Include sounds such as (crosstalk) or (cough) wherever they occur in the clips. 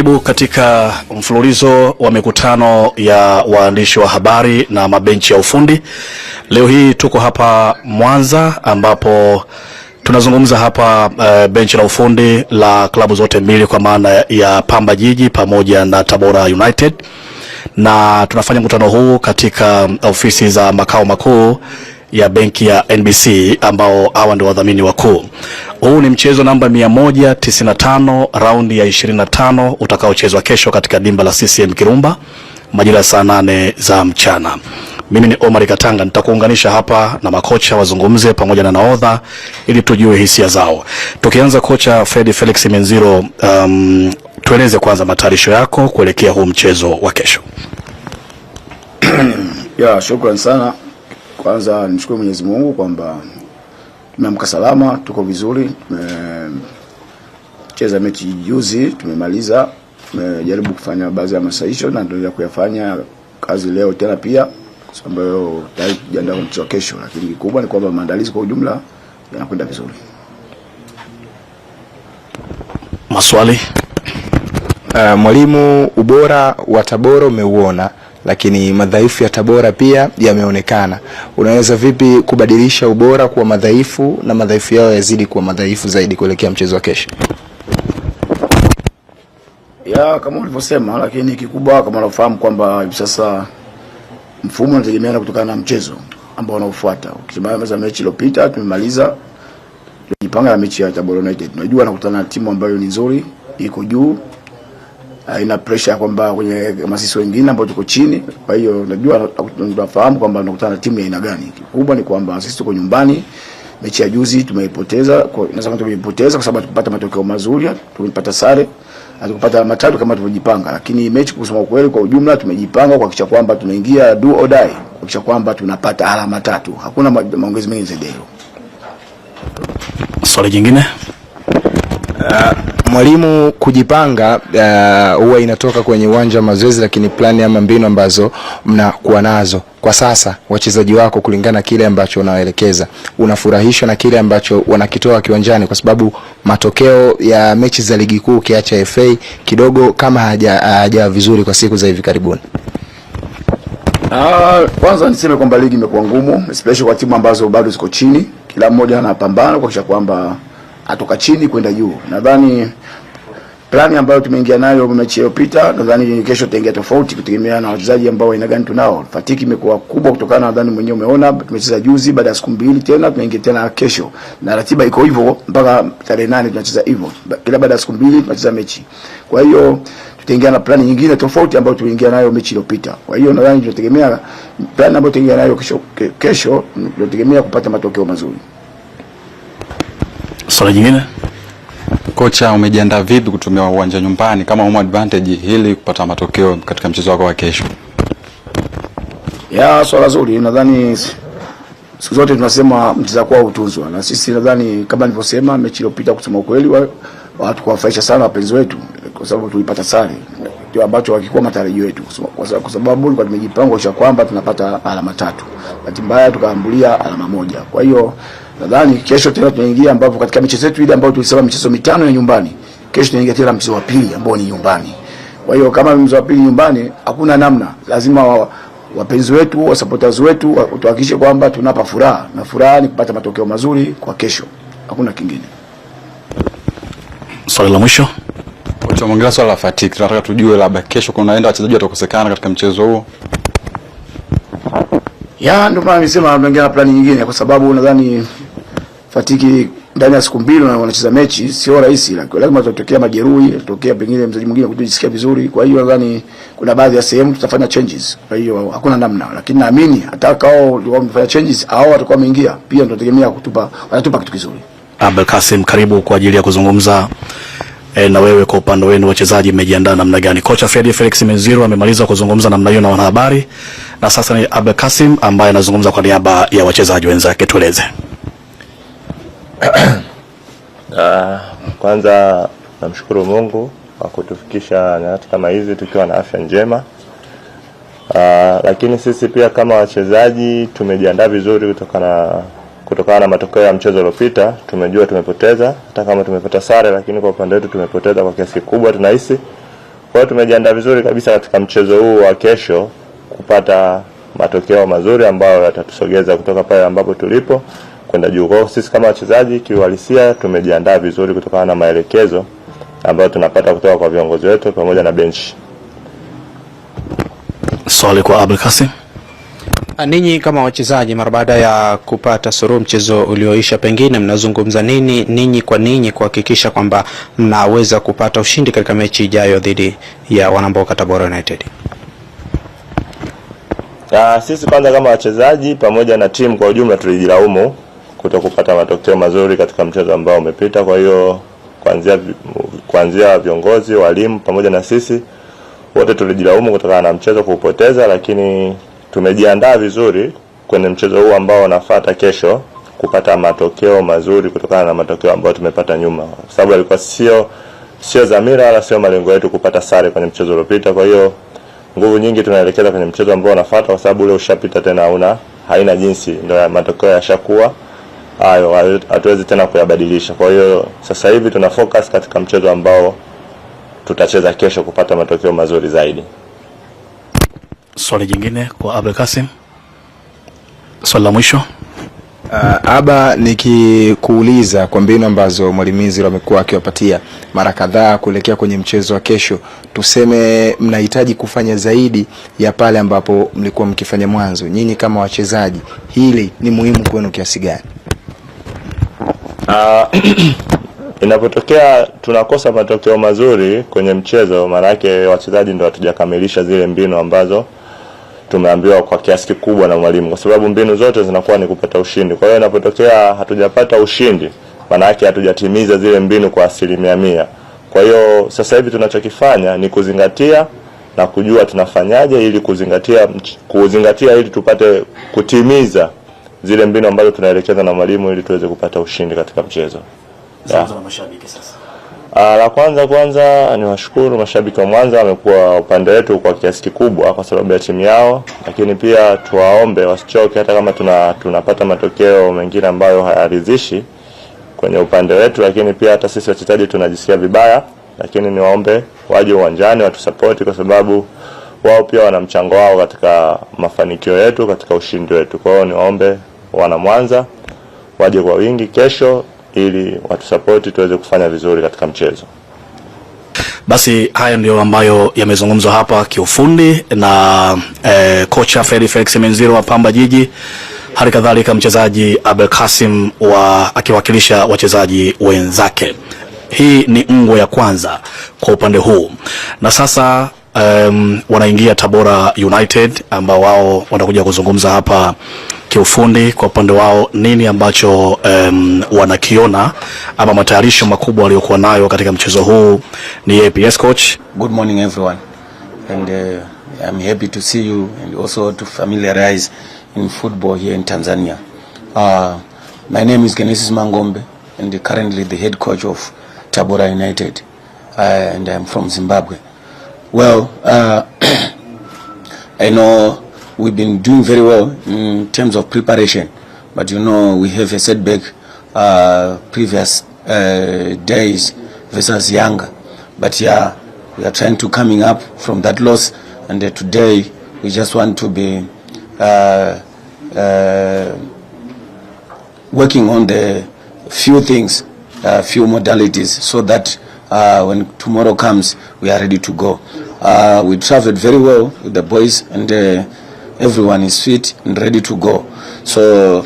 Karibu katika mfululizo wa mikutano ya waandishi wa habari na mabenchi ya ufundi. Leo hii tuko hapa Mwanza ambapo tunazungumza hapa e, benchi la ufundi la klabu zote mbili kwa maana ya Pamba Jiji pamoja na Tabora United, na tunafanya mkutano huu katika eh, ofisi za makao makuu ya benki ya NBC ambao hawa ndio wadhamini wakuu. Huu ni mchezo namba 195 raundi ya 25 utakaochezwa kesho katika dimba la CCM Kirumba majira ya saa nane za mchana. Mimi ni Omar Katanga, nitakuunganisha hapa na makocha wazungumze pamoja na naodha ili tujue hisia zao. Tukianza kocha Fred Felix Menziro, um, tueleze kwanza matayarisho yako kuelekea huu mchezo wa kesho. (clears throat) Ya, shukran sana kwanza nimshukuru Mwenyezi Mungu kwamba tumeamka salama, tuko vizuri. Tumecheza mechi juzi, tumemaliza. Tumejaribu kufanya baadhi ya masaisho na tunaendelea kuyafanya kazi leo tena pia, ambayo tayari tujiandaa kwa mchezo kesho, lakini kikubwa ni kwamba maandalizi kwa ujumla yanakwenda vizuri. Maswali. Uh, mwalimu, ubora wa Tabora umeuona lakini madhaifu ya Tabora pia yameonekana. Unaweza vipi kubadilisha ubora kuwa madhaifu na madhaifu yao yazidi kuwa madhaifu zaidi kuelekea mchezo wa kesho? Ya, kama ulivyosema, lakini kikubwa kama unafahamu kwamba hivi sasa mfumo unategemeana kutokana na mchezo ambao unaofuata. Ukimaliza mechi iliyopita tumemaliza tunajipanga na mechi ya Tabora United. Unajua nakutana na timu ambayo ni nzuri, iko juu haina pressure kwamba kwenye masisi wengine ambao tuko chini. Kwa hiyo najua tunafahamu kwamba tunakutana na timu ya aina gani. Kikubwa ni kwamba sisi tuko nyumbani. Mechi ya juzi tumeipoteza, inaweza tumeipoteza kwa sababu tupata matokeo mazuri, tumepata sare, hatukupata matatu kama tulivyojipanga, lakini mechi kusema kweli, kwa ujumla tumejipanga kuhakikisha kwamba tunaingia do or die, kuhakikisha kwamba tunapata alama tatu. Hakuna maongezi mengi zaidi Swali jingine Uh, mwalimu kujipanga uh, huwa uh, inatoka kwenye uwanja wa mazoezi, lakini plani ama mbinu ambazo mnakuwa nazo kwa sasa wachezaji wako kulingana na kile ambacho unawaelekeza, unafurahishwa na kile ambacho wanakitoa kiwanjani, kwa sababu matokeo ya mechi za ligi kuu ukiacha FA kidogo kama hajawa vizuri kwa siku za hivi karibuni. Uh, kwanza niseme kwamba ligi imekuwa ngumu especially kwa timu ambazo bado ziko chini, kila mmoja anapambana kuakisha kwamba atoka chini kwenda juu. Nadhani plani ambayo tumeingia nayo mechi iliyopita, nadhani kesho tutaingia tofauti kutegemea na wachezaji ambao aina gani tunao. Fatiki imekuwa kubwa kutokana, nadhani mwenyewe umeona tumecheza juzi, baada ya siku mbili tena tunaingia tena kesho, na ratiba iko hivyo mpaka tarehe nane tunacheza hivyo, kila baada ya siku mbili tunacheza mechi. Kwa hiyo tutaingia na plani nyingine tofauti ambayo tuliingia nayo mechi iliyopita. Kwa hiyo nadhani tunategemea plani ambayo tutaingia nayo kesho, kesho tunategemea kupata matokeo mazuri swala jingine, kocha, umejiandaa vipi kutumia uwanja nyumbani kama home advantage ili kupata matokeo katika mchezo wako wa kesho? Ya swala zuri, nadhani siku zote tunasema mchezo wako utunzwa, na sisi nadhani kama nilivyosema mechi iliyopita, kusema ukweli, watu kuwafaisha sana wapenzi wetu, kwa sababu tulipata sare, ndio ambacho hakikuwa matarajio yetu, kwa sababu tulikuwa tumejipanga kwamba tunapata alama tatu, bahati mbaya tukaambulia alama moja, kwa hiyo nadhani kesho tena tunaingia, ambapo katika michezo yetu ile ambayo tulisema michezo mitano ya nyumbani, kesho tunaingia tena mchezo wa pili ambao ni nyumbani. Kwa hiyo kama mchezo wa pili nyumbani, hakuna namna, lazima wa, wapenzi wetu, wa supporters wetu tuhakikishe kwamba tunapa furaha, na furaha ni kupata matokeo mazuri kwa kesho, hakuna kingine. Swali la mwisho kocha tumeongelea swali la fatigue, tunataka tujue labda kesho kunaenda wachezaji watakosekana katika mchezo huo. Ya, ndio maana nimesema tunaongea na plani nyingine, kwa sababu nadhani fatiki ndani ya siku mbili na wanacheza mechi, sio rahisi, lazima tutatokea majeruhi, tutatokea pengine mchezaji mwingine kutojisikia vizuri. Kwa hiyo nadhani kuna baadhi ya sehemu tutafanya changes, kwa hiyo hakuna namna, lakini naamini hata kao wamefanya changes au watakuwa wameingia pia, tunategemea kutupa, watatupa kitu kizuri. Abel Kasim, karibu kwa ajili ya kuzungumza e, na wewe kwa upande wenu wachezaji mmejiandaa namna gani? Kocha Fred Felix Menziro amemaliza kuzungumza namna hiyo na wanahabari, na sasa ni Abel Kasim ambaye anazungumza kwa niaba ya wachezaji wenzake, tueleze. (clears throat) Kwanza namshukuru Mungu kwa kutufikisha nyakati kama hizi tukiwa na afya njema. Ah, lakini sisi pia kama wachezaji tumejiandaa vizuri kutokana kutokana na matokeo ya mchezo uliopita. Tumejua tumepoteza, hata kama tumepata sare, lakini kwa upande wetu tumepoteza kwa kiasi kikubwa tunahisi. Kwa hiyo tumejiandaa vizuri kabisa katika mchezo huu wa kesho kupata matokeo mazuri ambayo yatatusogeza kutoka pale ambapo tulipo kwenda juu. Kwa sisi kama wachezaji kiuhalisia tumejiandaa vizuri kutokana na maelekezo ambayo tunapata kutoka kwa viongozi wetu pamoja na benchi. Swali kwa Abdul Kasim. Ah, ninyi kama wachezaji, mara baada ya kupata suruhu mchezo ulioisha, pengine mnazungumza nini ninyi kwa ninyi kuhakikisha kwamba mnaweza kupata ushindi katika mechi ijayo dhidi ya Wanamboka Tabora United? Ah, sisi kwanza kama wachezaji pamoja na timu kwa ujumla tulijilaumu kuto kupata matokeo mazuri katika mchezo ambao umepita. Kwa hiyo kuanzia kuanzia viongozi, walimu pamoja na sisi wote tulijilaumu kutokana na mchezo kuupoteza, lakini tumejiandaa vizuri kwenye mchezo huu ambao unafuata kesho kupata matokeo mazuri kutokana na matokeo ambayo tumepata nyuma, kwa sababu yalikuwa sio sio dhamira wala sio malengo yetu kupata sare kwenye mchezo uliopita. Kwa hiyo nguvu nyingi tunaelekeza kwenye mchezo ambao unafuata, kwa sababu ule ushapita, tena hauna haina jinsi, ndio matokeo yashakuwa hayo hatuwezi tena kuyabadilisha. Kwa hiyo sasa hivi tuna focus katika mchezo ambao tutacheza kesho kupata matokeo mazuri zaidi. Swali jingine kwa Abel Kasim, swali la mwisho. Uh, Aba, nikikuuliza kwa mbinu ambazo mwalimu Iziro amekuwa akiwapatia mara kadhaa kuelekea kwenye mchezo wa kesho, tuseme mnahitaji kufanya zaidi ya pale ambapo mlikuwa mkifanya mwanzo, nyinyi kama wachezaji, hili ni muhimu kwenu kiasi gani? Ah, (clears throat) inapotokea tunakosa matokeo mazuri kwenye mchezo, maanake wachezaji ndo hatujakamilisha zile mbinu ambazo tumeambiwa kwa kiasi kikubwa na mwalimu, kwa sababu mbinu zote zinakuwa ni kupata ushindi. Kwa hiyo inapotokea hatujapata ushindi, yake hatujatimiza zile mbinu kwa asilimia mia. Kwa hiyo sasa hivi tunachokifanya ni kuzingatia na kujua tunafanyaje ili kuzingatia kuzingatia ili tupate kutimiza zile mbinu ambazo tunaelekeza na mwalimu ili tuweze kupata ushindi katika mchezo. Ah, la kwanza kwanza ni washukuru mashabiki wa Mwanza wamekuwa upande wetu kwa kiasi kikubwa kwa sababu ya timu yao, lakini pia tuwaombe wasichoke, hata kama tuna, tunapata matokeo mengine ambayo hayaridhishi kwenye upande wetu, lakini pia hata sisi wachezaji tunajisikia vibaya, lakini niwaombe waje uwanjani watusapoti kwa sababu wao pia wana mchango wao katika mafanikio yetu, katika ushindi wetu. Kwa hiyo niwaombe wana Mwanza waje kwa wingi kesho ili watusapoti tuweze kufanya vizuri katika mchezo. Basi haya ndiyo ambayo yamezungumzwa hapa kiufundi na eh, kocha Fred Felix Menziro wa Pamba Jiji, hali kadhalika mchezaji Abel Kasim wa akiwakilisha wachezaji wenzake. Hii ni ngwe ya kwanza kwa upande huu, na sasa um, wanaingia Tabora United ambao wao wanakuja kuzungumza hapa kiufundi kwa upande wao nini ambacho um, wanakiona ama matayarisho makubwa waliokuwa nayo katika mchezo huu. Ni APS coach. Good morning everyone and uh, I'm happy to see you and also to familiarize in football here in Tanzania. Uh, my name is Genesis Mangombe and currently the head coach of Tabora United uh, and I'm from Zimbabwe. Well, uh, (clears throat) I know we've been doing very well in terms of preparation but you know we have a setback uh, previous uh, days versus Yanga but yeah we are trying to coming up from that loss and uh, today we just want to be uh, uh, working on the few things uh, few modalities so that uh, when tomorrow comes we are ready to go uh, we traveled very well with the boys and uh, everyone is fit and ready to go so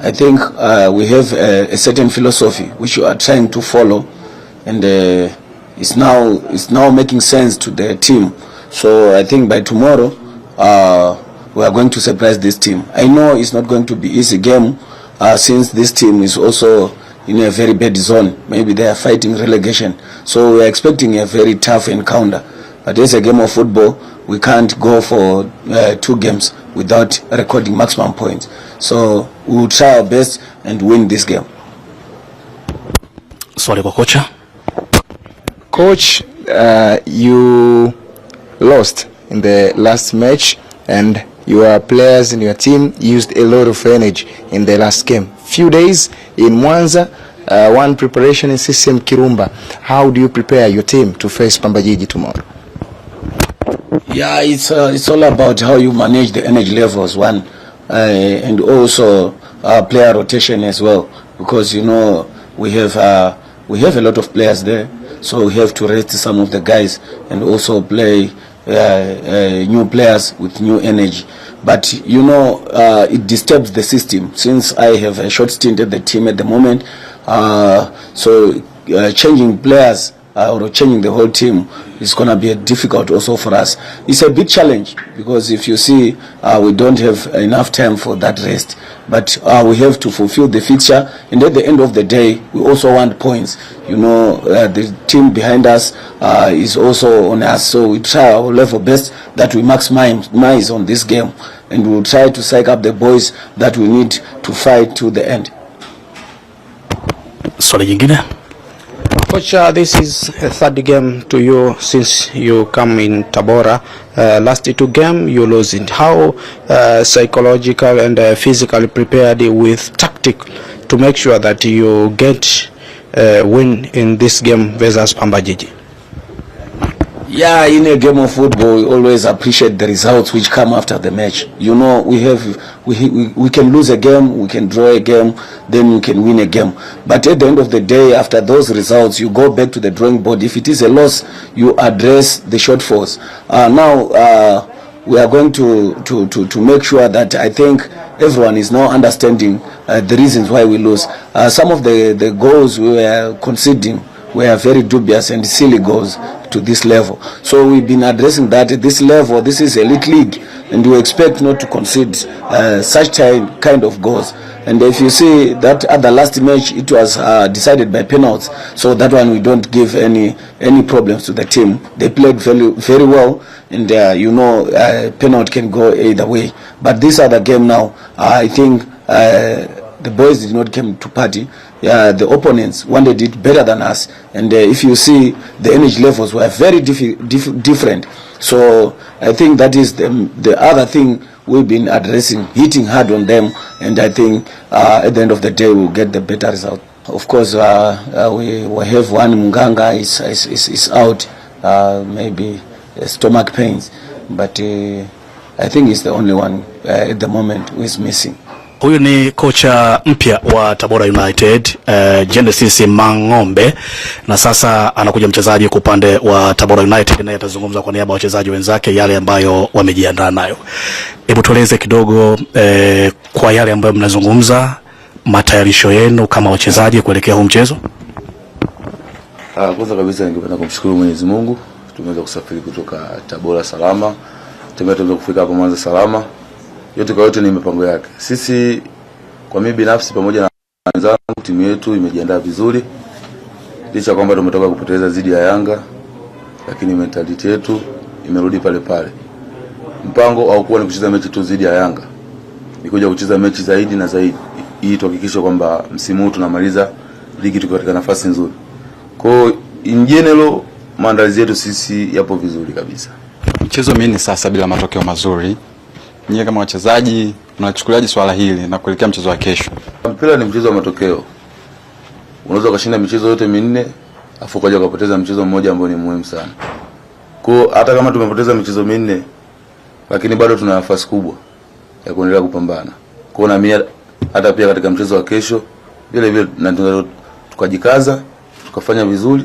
I think uh, we have a, a certain philosophy which we are trying to follow and uh, it's now it's now making sense to the team so I think by tomorrow uh, we are going to surprise this team I know it's not going to be easy game uh, since this team is also in a very bad zone maybe they are fighting relegation so we are expecting a very tough encounter but it's a game of football we can't go for uh, two games without recording maximum points. So we will try our best and win this game. Swali kwa Coach, uh, you lost in the last match and your players in your team used a lot of energy in the last game. Few days in Mwanza, uh, one preparation in CCM Kirumba. How do you prepare your team to face Pamba Jiji tomorrow? Yeah, it's, uh, it's all about how you manage the energy levels, one, uh, and also uh, player rotation as well, because, you know, we have, uh, we have a lot of players there, so we have to rest some of the guys and also play uh, uh, new players with new energy. But, you know, uh, it disturbs the system. Since I have a short stint at the team at the moment, uh, so uh, changing players uh, or changing the whole team it's going to be difficult also for us. It's a big challenge because if you see uh, we don't have enough time for that rest, but uh, we have to fulfill the fixture. And at the end of the day, we also want points. You know, uh, the team behind us uh, is also on us, so we try our level best that we maximize on this game, and well try to psych up the boys that we need to fight to the end. Swali jingine Coach, uh, this is a third game to you since you come in Tabora. Uh, last two game you losing. How uh, psychological and uh, physically prepared with tactic to make sure that you get uh, win in this game versus Pamba Jiji? Yeah, in a game of football, we always appreciate the results which come after the match. You know, we have we, we, we can lose a game, we can draw a game, then we can win a game. But at the end of the day, after those results, you go back to the drawing board. If it is a loss, you address the shortfalls. Uh, now, uh, we are going to, to, to, to make sure that I think everyone is now understanding uh, the reasons why we lose. Uh, some of the, the goals we were conceding were very dubious and silly goals to this level. So we've been addressing that at this level, this is elite league, and you expect not to concede uh, such type, kind of goals. And if you see that the last match, it was uh, decided by penalties. So that one we don't give any any problems to the team. They played very very well, and uh, you know uh, penalty can go either way. But this other game now, I think. Uh, the boys did not come to party uh, the opponents wanted it better than us and uh, if you see the energy levels were very diff diff different so i think that is the, the other thing we've been addressing hitting hard on them and i think uh, at the end of the day we'll get the better result of course uh, uh, we, we have one munganga is, is, is, is out uh, maybe uh, stomach pains but uh, i think he's the only one uh, at the moment who is missing Huyu ni kocha mpya wa Tabora United uh, Genesis Mang'ombe, na sasa anakuja mchezaji kwa upande wa Tabora United, naye atazungumza kwa niaba ya wachezaji wenzake yale ambayo wamejiandaa nayo. Hebu tueleze kidogo uh, kwa yale ambayo mnazungumza, matayarisho yenu kama wachezaji kuelekea huu mchezo. Ah, kwanza kabisa ningependa kumshukuru Mwenyezi Mungu, tumeweza kusafiri kutoka Tabora salama, tumeweza kufika hapa Mwanza salama yote kwa yote ni mipango yake. Sisi kwa mimi binafsi pamoja na wenzangu, timu yetu imejiandaa vizuri, licha kwamba tumetoka kupoteza zidi ya Yanga, lakini mentality yetu imerudi pale pale. Mpango haukuwa ni kucheza mechi tu zidi ya Yanga, ni kuja kucheza mechi zaidi na zaidi, ili tuhakikishe kwamba msimu huu tunamaliza ligi tukiwa katika nafasi nzuri. Kwa in general maandalizi yetu sisi yapo vizuri kabisa. Mchezo mimi ni sasa bila matokeo mazuri nyewe kama wachezaji mnachukuliaje swala hili na kuelekea mchezo wa kesho? Mpira ni mchezo wa matokeo, unaweza ukashinda michezo yote minne afu ukaja ukapoteza mchezo mmoja ambao ni muhimu sana. Kwa hata kama tumepoteza michezo minne, lakini bado tuna nafasi kubwa ya kuendelea kupambana. Kwa na mimi hata pia katika mchezo wa kesho vile vile na tukajikaza tukafanya vizuri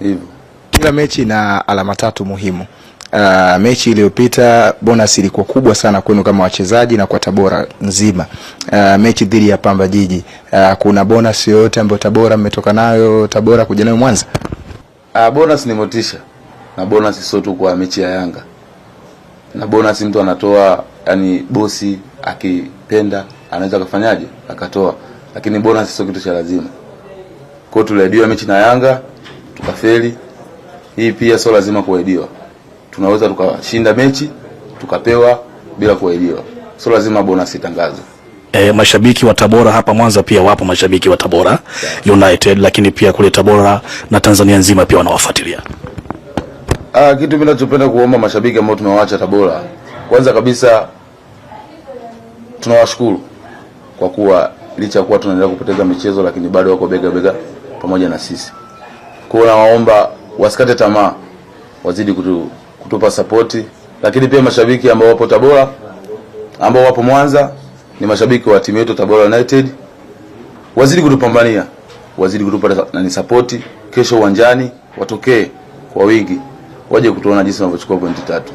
hivyo. Kila mechi ina alama tatu muhimu. Uh, mechi iliyopita bonus ilikuwa kubwa sana kwenu kama wachezaji na kwa Tabora nzima. Uh, mechi dhidi ya Pamba Jiji, uh, kuna bonus yoyote ambayo Tabora mmetoka nayo Tabora kuja nayo Mwanza? Uh, bonus ni motisha na bonus sio tu kwa mechi ya Yanga, na bonus mtu anatoa, yani bosi akipenda anaweza akafanyaje akatoa, lakini bonus sio kitu cha lazima. Kwa hiyo tuliadiwa mechi na Yanga tukafeli, hii pia sio lazima kuadiwa tunaweza tukashinda mechi tukapewa bila kuahidiwa, so lazima bonus itangazwe. E, mashabiki wa Tabora hapa Mwanza pia wapo mashabiki wa Tabora yeah, United lakini pia kule Tabora na Tanzania nzima pia wanawafuatilia. Ah, kitu mimi ninachopenda kuomba mashabiki ambao tumewaacha Tabora, kwanza kabisa tunawashukuru kwa kuwa licha ya kuwa tunaendelea kupoteza michezo, lakini bado wako bega bega pamoja na sisi. Kwa hiyo nawaomba wasikate tamaa, wazidi kutu kutupa sapoti, lakini pia mashabiki ambao wapo Tabora, ambao wapo Mwanza, ni mashabiki wa timu yetu Tabora United, wazidi kutupambania, wazidi kutupa nani sapoti. Kesho uwanjani watokee kwa wingi, waje kutuona jinsi tunavyochukua pointi tatu.